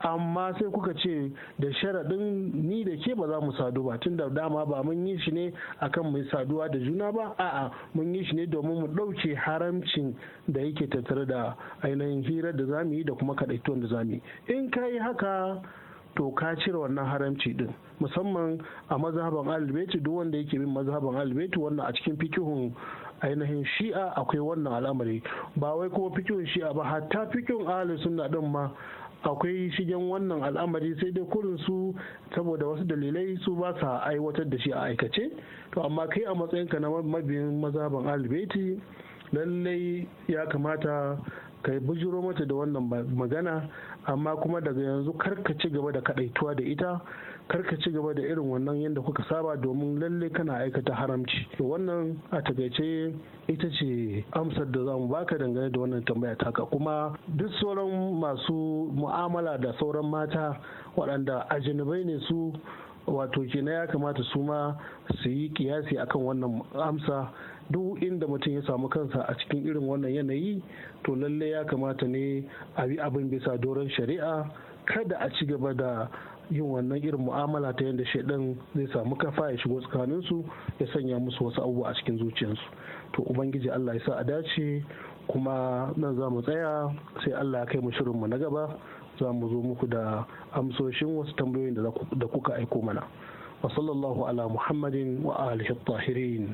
amma sai kuka ce da sharaɗin ni da ke ba za mu sadu ba tun da dama ba mun yi shi ne akan mai saduwa da juna ba a'a mun yi shi ne domin mu ɗauke haramcin da yake tattare da ainihin hirar da zamu yi da kuma kaɗaituwan da zamu yi in ka yi haka to ka cire wannan haramci din musamman a mazhaban albeti duk wanda yake bin mazhaban albeti wannan a cikin fikihun ainihin shi'a akwai wannan al'amari ba wai kuma fikihun shi'a ba hatta fikihun ahlus sunna din ma akwai shigen wannan al'amari sai dai kurin su saboda wasu dalilai su ba sa aiwatar da shi a aikace to amma kai a matsayinka na mabiyin mazaban albeti lallai ya kamata ka bujiro mata da wannan magana amma kuma daga yanzu kar ka ci gaba da kadaituwa da ita kar ka ci gaba da irin wannan yadda kuka saba domin lalle kana aikata haramci to wannan a takaice ita ce amsar da zamu baka dangane da wannan tambaya taka kuma duk sauran masu mu'amala da sauran mata waɗanda ajinabai ne su wato kenan ya kamata su ma su yi kiyasi akan wannan amsa duk inda mutum ya samu kansa a cikin irin wannan yanayi to lalle ya kamata ne a bi abin bisa doron shari'a kada a ci gaba da yin wannan irin mu'amala ta yadda shaidan zai samu kafa ya shigo tsakaninsu ya sanya musu wasu abubuwa a cikin zuciyarsu to ubangiji allah ya sa a dace kuma nan za mu tsaya sai allah ya kai mu shirin mu na gaba za mu zo muku da amsoshin wasu tambayoyin da kuka aiko mana wa sallallahu ala muhammadin wa alihi tahirin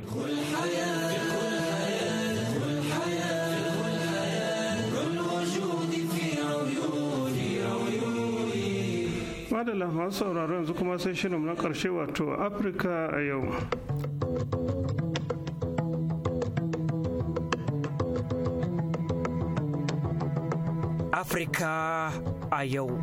madalla masu sauraro yanzu kuma sai shirin na karshe wato afirka a yau afirka a yau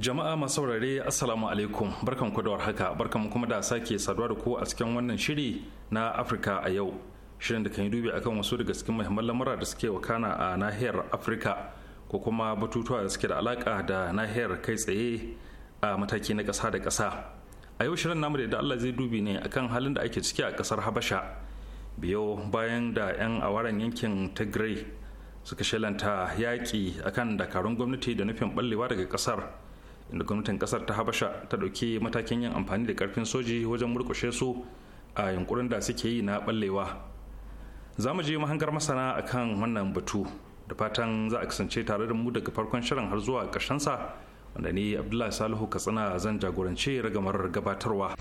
Jama'a masu saurare Assalamu alaikum barkan ku da warhaka barkan kuma da sake saduwa da ku a cikin wannan shiri na Afirka a yau. shirin da kan yi dubi akan wasu daga cikin muhimman lamura da suke wakana a nahiyar afirka ko kuma batutuwa da suke da alaka da nahiyar kai tsaye a mataki na kasa da kasa a yau shirin namu da allah zai dubi ne akan halin da ake ciki a kasar habasha biyo bayan da 'yan awaren yankin tigray suka shelanta yaƙi akan dakarun gwamnati da nufin ɓallewa daga ƙasar inda gwamnatin ƙasar ta habasha ta ɗauki matakin yin amfani da ƙarfin soji wajen murƙushe su a yunkurin da suke yi na ɓallewa za mu je mahangar masana kan wannan batu da fatan za a kasance tare da mu daga farkon shirin har zuwa sa wanda ni abdullahi salihu katsina zan jagorance ragamar gabatarwa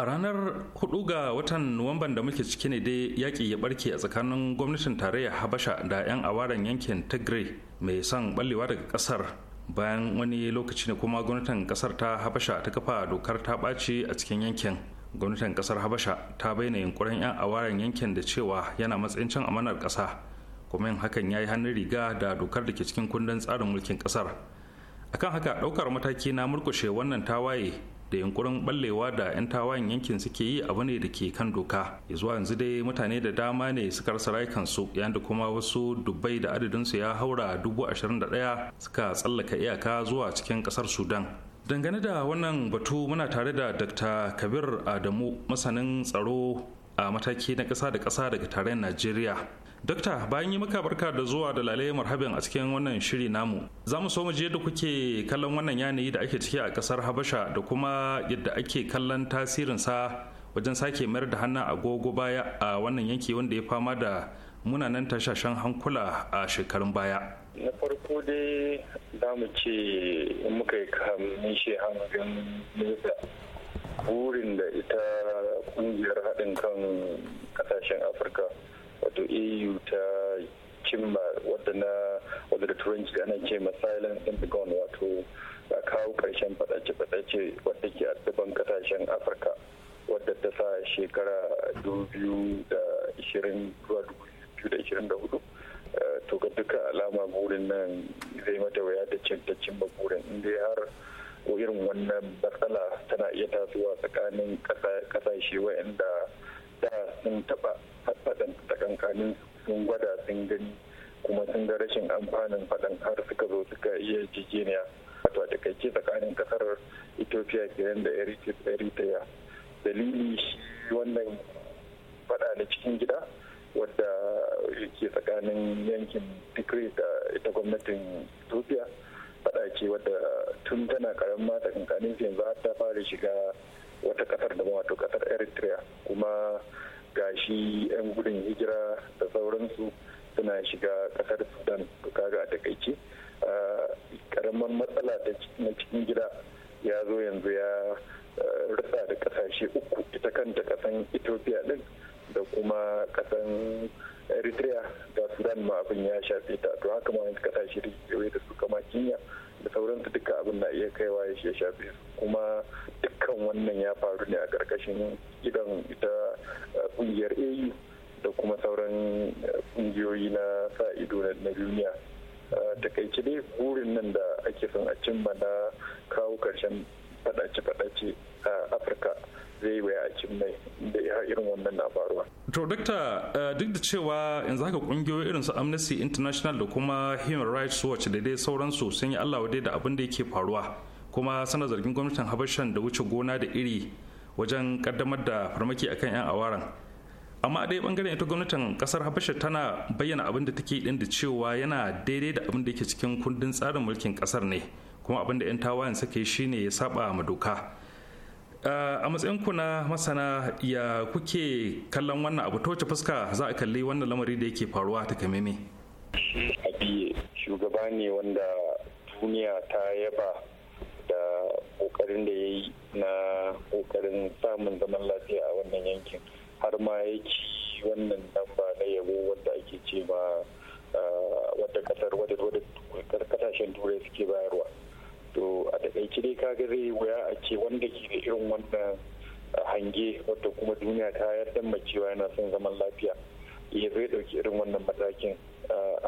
a ranar 4 ga watan nuwamban da muke ciki ne dai yaƙi ya barke a tsakanin gwamnatin tarayya habasha da 'yan awaren yankin tigray mai son ɓallewa daga ƙasar bayan wani lokaci ne kuma gwamnatin kasar ta habasha ta kafa dokar ta ɓaci a cikin yankin gwamnatin kasar habasha ta bayyana yunkurin 'yan awaren yankin da cewa yana matsayin cin amanar ƙasa kuma yin hakan ya yi hannun riga da dokar da ke cikin kundin tsarin mulkin ƙasar akan haka ɗaukar mataki na murkushe wannan tawaye da yunkurin ballewa da 'yan tawayen yankin suke yi abu ne da ke kan doka ya zuwa yanzu dai mutane da dama ne suka rasa rayukansu yayin da kuma wasu dubbai da adadinsu ya haura dubu ashirin da ɗaya suka tsallaka iyaka zuwa cikin ƙasar sudan dangane da wannan batu muna tare da dr kabir adamu masanin tsaro a mataki na ƙasa da kasa daga tarayyar najeriya dokta bayan yi maka barka da zuwa da lalai marhaban a cikin wannan shiri namu za mu so mu je da kuke kallon wannan yanayi da ake ciki a kasar habasha da kuma yadda ake kallon tasirinsa wajen sake mayar da hannun agogo baya a wannan yanki wanda ya fama da munanan tashashen hankula a shekarun baya na farko dai za mu ce in muka yi kamun shi hangen burin da ita kungiyar haɗin kan ƙasashen afirka wato eu ta cimma wadda na wadda da turanci ana ce ma silence and begun wato a kawo karshen fadace-fadace wadda ke addaban kasashen afirka wadda ta sa shekara 2020 2024 eh, to ga duka alama burin nan zai mata waya da ta cimma burin inda har irin wannan matsala tana iya tasowa tsakanin kasashe waɗanda da sun taɓa faɗan tsakankanin sun gwada sun gani kuma sun ga rashin amfanin faɗan har suka zo suka iya jijiniya wato a takaice tsakanin kasar ethiopia kenan da eritrea dalili shi wannan faɗa na cikin gida wadda ke tsakanin yankin tigray da ita gwamnatin ethiopia faɗa ce wadda tun tana karamma tsakankanin yanzu har ta fara shiga wata kasar da wato kasar eritrea kuma gashi 'yan gudun hijira da sauransu suna shiga kasar sudan kaga a takaice karamar ah, matsala na cikin gida ya zo yanzu ya ah, rasa da kasashe uku ita kanta kasan ethiopia din da kuma kasan eritrea da sudan ma abin ya shafe ta to haka ma wani kasashe da da su kama kenya da sauran duka abin na iya kaiwa ya shafe su kuma dukkan wannan ya faru ne a ƙarƙashin gidan ita eh, ƙungiyar au da kuma sauran eh, ƙungiyoyi na sa ido na duniya eh, takaice dai burin nan da ake son a cimma na kawo karshen faɗace-faɗace a afirka zai waya a mai da irin wannan labaruwa. To dokta eh, duk da cewa yanzu haka kungiyoyi irin su Amnesty International da kuma Human Rights Watch da dai sauransu sun yi Allah wadai da abin da yake faruwa kuma sanar zargin gwamnatin Habashan da wuce gona da iri wajen kaddamar da farmaki akan 'yan awaran. amma a ɗaya bangaren ita gwamnatin kasar habasha tana bayyana abin da take din da cewa yana daidai da abin da yake cikin kundin tsarin mulkin kasar ne kuma abin da 'yan tawayen suka yi shine ya saba ma doka Eh, a matsayin ku na masana ya kuke kallon wannan abu ta fuska za a kalli wannan lamari da yake faruwa ta kameme shugaba ne wanda duniya ta yaba da kokarin da ya yi na kokarin samun zaman lafiya a wannan yankin har ma ya ci wannan damba na yabo wanda ake ce ma eh, wadda kasar wadda kasashen turai suke bayarwa to a takaice dai kaga zai wuya a ce wanda ke da irin wannan hange wadda kuma duniya ta yarda cewa yana son zaman lafiya ya zai dauki irin wannan matakin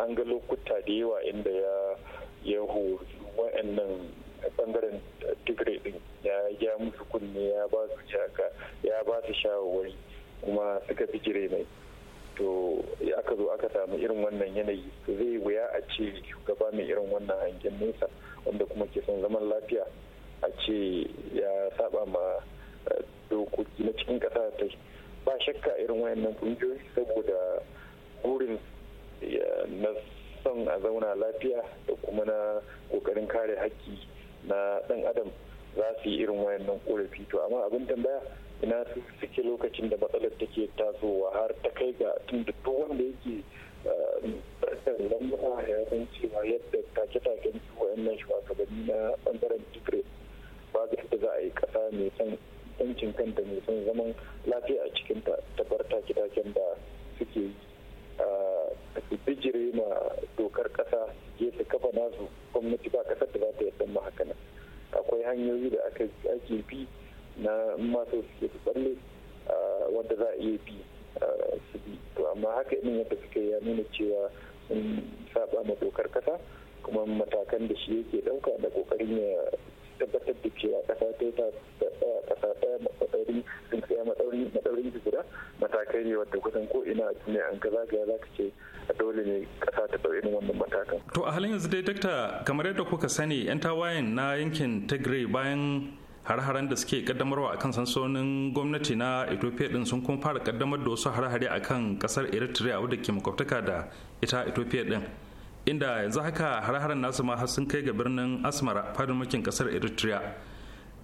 an ga lokuta da yawa inda ya ya horu wa'annan bangaren digiri din ya ya musu kunne ya ba su shaka ya ba su shawarwari kuma suka fi jire mai to aka zo aka samu irin wannan yanayi zai wuya a ce shugaba mai irin wannan hangen nesa wanda kuma ke son zaman lafiya a ce ya saba ma eh, dokoki na cikin kasa ta ba shakka irin wayannan kungiyoyi saboda burin na son a zauna lafiya da kuma na kokarin kare haƙƙi na ɗan adam za su yi irin wayannan korafi to amma abin tambaya ina su suke lokacin da matsalar take tasowa har ta kai ga tun da wanda yake barkar eh, lamura ya san cewa yadda take-taken su wayannan shugabanni na bangaren tigre ba da za a yi kasa mai son yancin kanta mai son zaman lafiya a cikin ta bar take-taken da suke yi a eh, bijire ma dokar ƙasa je su kafa nasu gwamnati ba kasar da za ta yadda ma haka nan akwai hanyoyi da ake bi na masu suke su tsalle wanda za a iya bi su bi to amma haka irin yadda suka ya nuna cewa sun saba ma dokar kasa kuma matakan da shi yake dauka da kokarin ya tabbatar da cewa kasa ta ta tsaya kasa ɗaya matsauri sun tsaya matsauri matsauri guda matakai ne wadda kusan ko ina ne an ga zagaya za ka ce dole ne kasa ta ɗau irin wannan matakan. to a halin yanzu dai dakta kamar yadda kuka sani yan tawayen na yankin tigray bayan har-haren da suke kaddamarwa akan sansonin gwamnati na ethiopia din sun kuma fara kaddamar da wasu har-hare kan kasar eritrea wadda ke makwabtaka da ita ethiopia din inda yanzu haka har-haren nasu ma har sun kai ga birnin asmara fadin mulkin kasar eritrea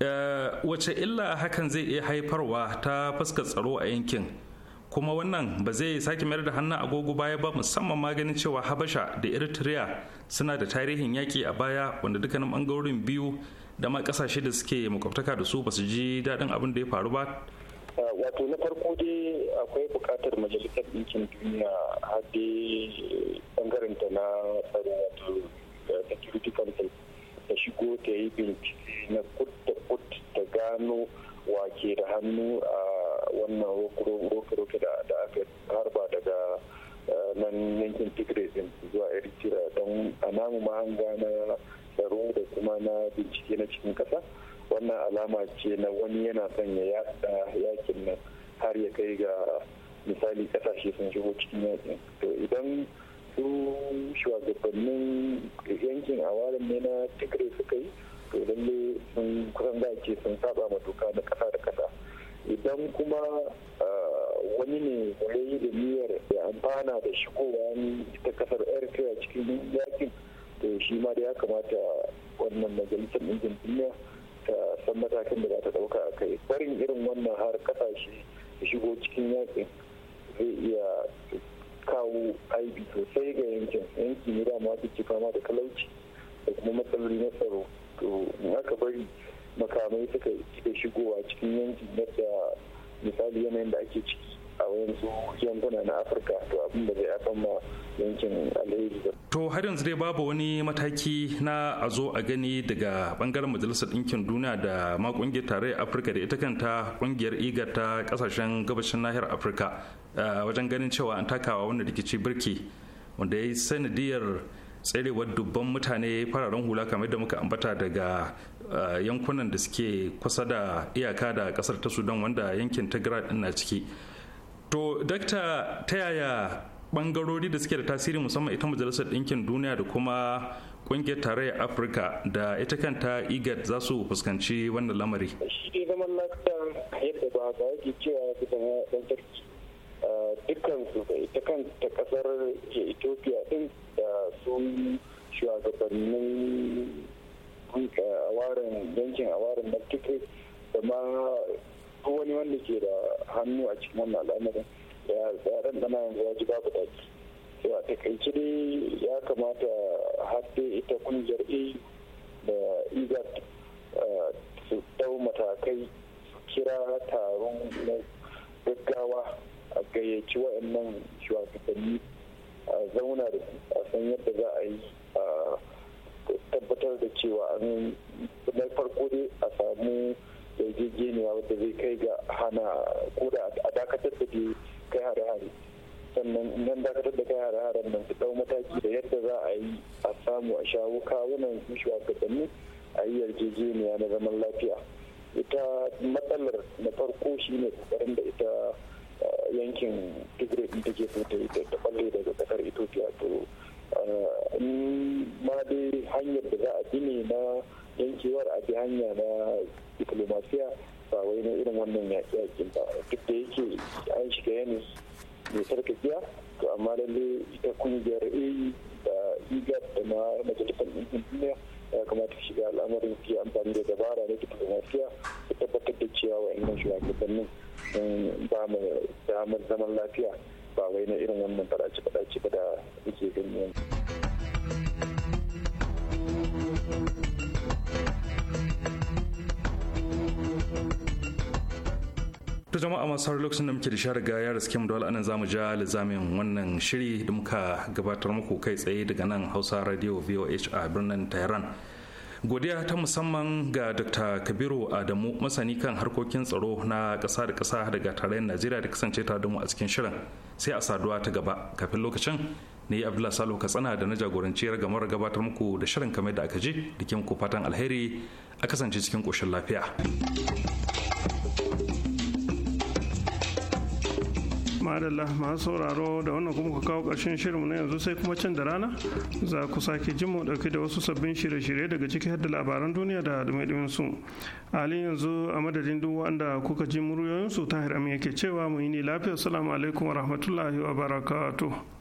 eh, wace illa hakan zai iya haifarwa ta fuskar tsaro a yankin kuma wannan ba zai sake mayar da hannun agogo baya ba musamman maganin cewa habasha da eritrea suna da tarihin yaƙi a baya wanda dukkanin ɓangarorin biyu da ma kasashe da suke makwabtaka da su ba su ji daɗin abin da ya faru ba uh, wato na farko dai akwai buƙatar majalisar ɗinkin duniya har dai ta na tsaro wato security council ta shigo ta yi bincike na kut da kut ta gano wake da hannu a wannan roke-roke da aka harba daga uh, nan yankin tigray zuwa eritrea don a namu mahanga na tsaro da kuma na bincike na cikin ƙasa wannan alama ce na wani yana son ya yaɗa yakin nan har ya kai ga misali ƙasashe sun shigo cikin yakin to idan su shugabannin yankin warin ne na tigre suka yi to lalle sun kusan za ce sun saba ma doka na ƙasa da ƙasa idan kuma wani ne ya yi da niyyar ya amfana da shigowa ta kasar eritrea cikin yakin to shi ma da ya kamata wannan majalisar ɗinkin duniya ta san matakin da za ta ɗauka a kai barin irin wannan har ƙasashe da shigo cikin yakin zai iya kawo aibi sosai ga yankin yanki ne dama suke fama da kalauci da kuma matsaloli na tsaro to in aka bari makamai suka shigowa cikin yankin yadda misali yanayin da ake ciki a wasu yankunan na afirka to abin da zai akan ma yankin alheri to har yanzu dai babu wani mataki na a zo a gani daga bangaren majalisar ɗinkin duniya da ma kungiyar tarayyar afirka da ita kanta ƙungiyar igar ta kasashen gabashin nahiyar afirka wajen ganin cewa an takawa wannan rikici birki wanda ya yi sanadiyar tserewar dubban mutane fararen hula kamar da muka ambata daga yankunan da suke kusa da iyaka da kasar ta sudan wanda yankin tigray na ciki to dakta ta yaya bangarori da suke da tasiri musamman ita majalisar ɗinkin duniya da kuma kungiyar tarayyar afirka da ita kanta igat za su fuskanci wannan lamari shi dai zaman lafiya yadda ba ba yake cewa bisa dan sarki ah, dukkan su da ita kanta kasar ke ethiopia din da su shugabannin awarin yankin awarin na da ma ko wani wanda ke da hannu a cikin wannan al'amarin ya tsaron dana yanzu ya ji babu daki to a takaice dai ya kamata har ita kungiyar a da igar e eh, su dau matakai su kira taron gaggawa a gayyaci wa'annan shugabanni a zauna da a san yadda za a yi a tabbatar da cewa an na farko dai a samu yarjejeniya wadda zai kai ga hana ko da a dakatar da ke kai hare-hare sannan nan dakatar da kai hare-haren nan su dau mataki da yadda za a yi a samu a shawo kawunan su shugabanni a yi yarjejeniya na zaman lafiya ita matsalar na farko shi ne kokarin da ita eh, yankin din take so ta yi ta balle daga kasar ethiopia to eh, ma dai hanyar da za a bi ne na yankewar a bi hanya na diplomasiya ba wai na irin wannan yaƙi-yaƙin ba duk da yake an shiga yanayi mai sarkakiya to amma lalle ita kungiyar au e da igad e da na majalisar ɗinkin duniya ya kamata shiga al'amarin su amfani da dabara na diplomasiya su tabbatar da cewa wa'annan shugabannin sun ba mu damar zaman lafiya ba wai na irin wannan faɗace-faɗace ba da muke gani yanzu. jama'a masu har lokacin da muke da sha riga ya riske mu da anan zamu ja lizamin wannan shiri da muka gabatar muku kai tsaye daga nan Hausa Radio VOH a birnin Tehran. Godiya ta musamman ga Dr. Kabiru Adamu masani kan harkokin tsaro na kasa da kasa daga tarayyar Najeriya da kasance tare da mu a cikin shirin sai a saduwa ta gaba kafin lokacin ne Abdullahi Salo tsana da na jagoranci ragamar gabatar muku da shirin kamar da aka ji da ku fatan alheri a kasance cikin koshin lafiya. madalla masu sauraro da wannan kuma ka kawo ƙarshen shirinmu na yanzu sai kuma can da rana za ku sake jin mu ɗauki da wasu sabbin shirye-shirye daga ciki da labaran duniya da dumi su halin yanzu a madadin duk wanda kuka ji muryoyinsu tahir amin yake cewa mu yi ni lafiya salamu alaikum wa rahmatullahi wa barakatuh